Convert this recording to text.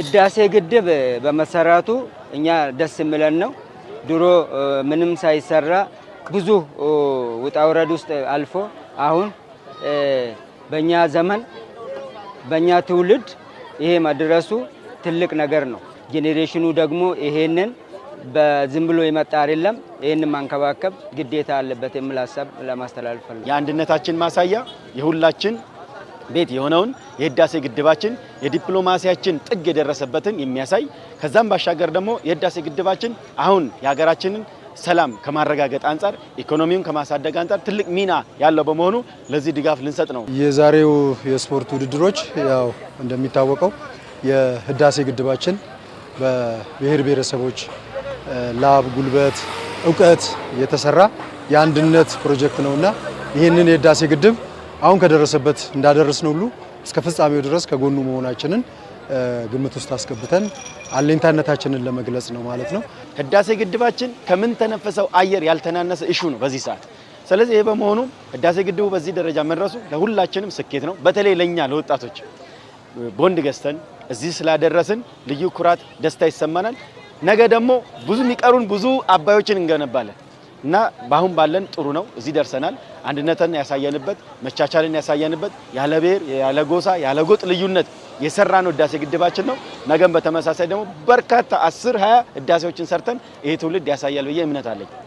ህዳሴ ግድብ በመሰራቱ እኛ ደስ የሚለን ነው። ድሮ ምንም ሳይሰራ ብዙ ውጣ ውረድ ውስጥ አልፎ አሁን በእኛ ዘመን በእኛ ትውልድ ይሄ መድረሱ ትልቅ ነገር ነው። ጄኔሬሽኑ ደግሞ ይሄንን በዝም ብሎ ይመጣ አይደለም። ይህን ማንከባከብ ግዴታ አለበት የሚል ሀሳብ ለማስተላለፍ የአንድነታችን ማሳያ የሁላችን ቤት የሆነውን የህዳሴ ግድባችን የዲፕሎማሲያችን ጥግ የደረሰበትን የሚያሳይ ከዛም ባሻገር ደግሞ የህዳሴ ግድባችን አሁን የሀገራችንን ሰላም ከማረጋገጥ አንጻር ኢኮኖሚውን ከማሳደግ አንጻር ትልቅ ሚና ያለው በመሆኑ ለዚህ ድጋፍ ልንሰጥ ነው። የዛሬው የስፖርት ውድድሮች ያው እንደሚታወቀው የህዳሴ ግድባችን በብሔር ብሔረሰቦች ላብ፣ ጉልበት፣ እውቀት የተሰራ የአንድነት ፕሮጀክት ነውና ይህንን የህዳሴ ግድብ አሁን ከደረሰበት እንዳደረስን ሁሉ እስከ ፍጻሜው ድረስ ከጎኑ መሆናችንን ግምት ውስጥ አስገብተን አለኝታነታችንን ለመግለጽ ነው ማለት ነው። ህዳሴ ግድባችን ከምንተነፈሰው አየር ያልተናነሰ እሹ ነው በዚህ ሰዓት። ስለዚህ ይሄ በመሆኑ ህዳሴ ግድቡ በዚህ ደረጃ መድረሱ ለሁላችንም ስኬት ነው። በተለይ ለእኛ ለወጣቶች ቦንድ ገዝተን እዚህ ስላደረስን ልዩ ኩራት፣ ደስታ ይሰማናል። ነገ ደግሞ ብዙ የሚቀሩን ብዙ አባዮችን እንገነባለን። እና በአሁን ባለን ጥሩ ነው። እዚህ ደርሰናል። አንድነትን ያሳየንበት፣ መቻቻልን ያሳየንበት ያለ ብሔር ያለ ጎሳ ያለ ጎጥ ልዩነት የሰራን ህዳሴ ግድባችን ነው። ነገም በተመሳሳይ ደግሞ በርካታ አስር ሀያ ህዳሴዎችን ሰርተን ይሄ ትውልድ ያሳያል ብዬ እምነት አለኝ።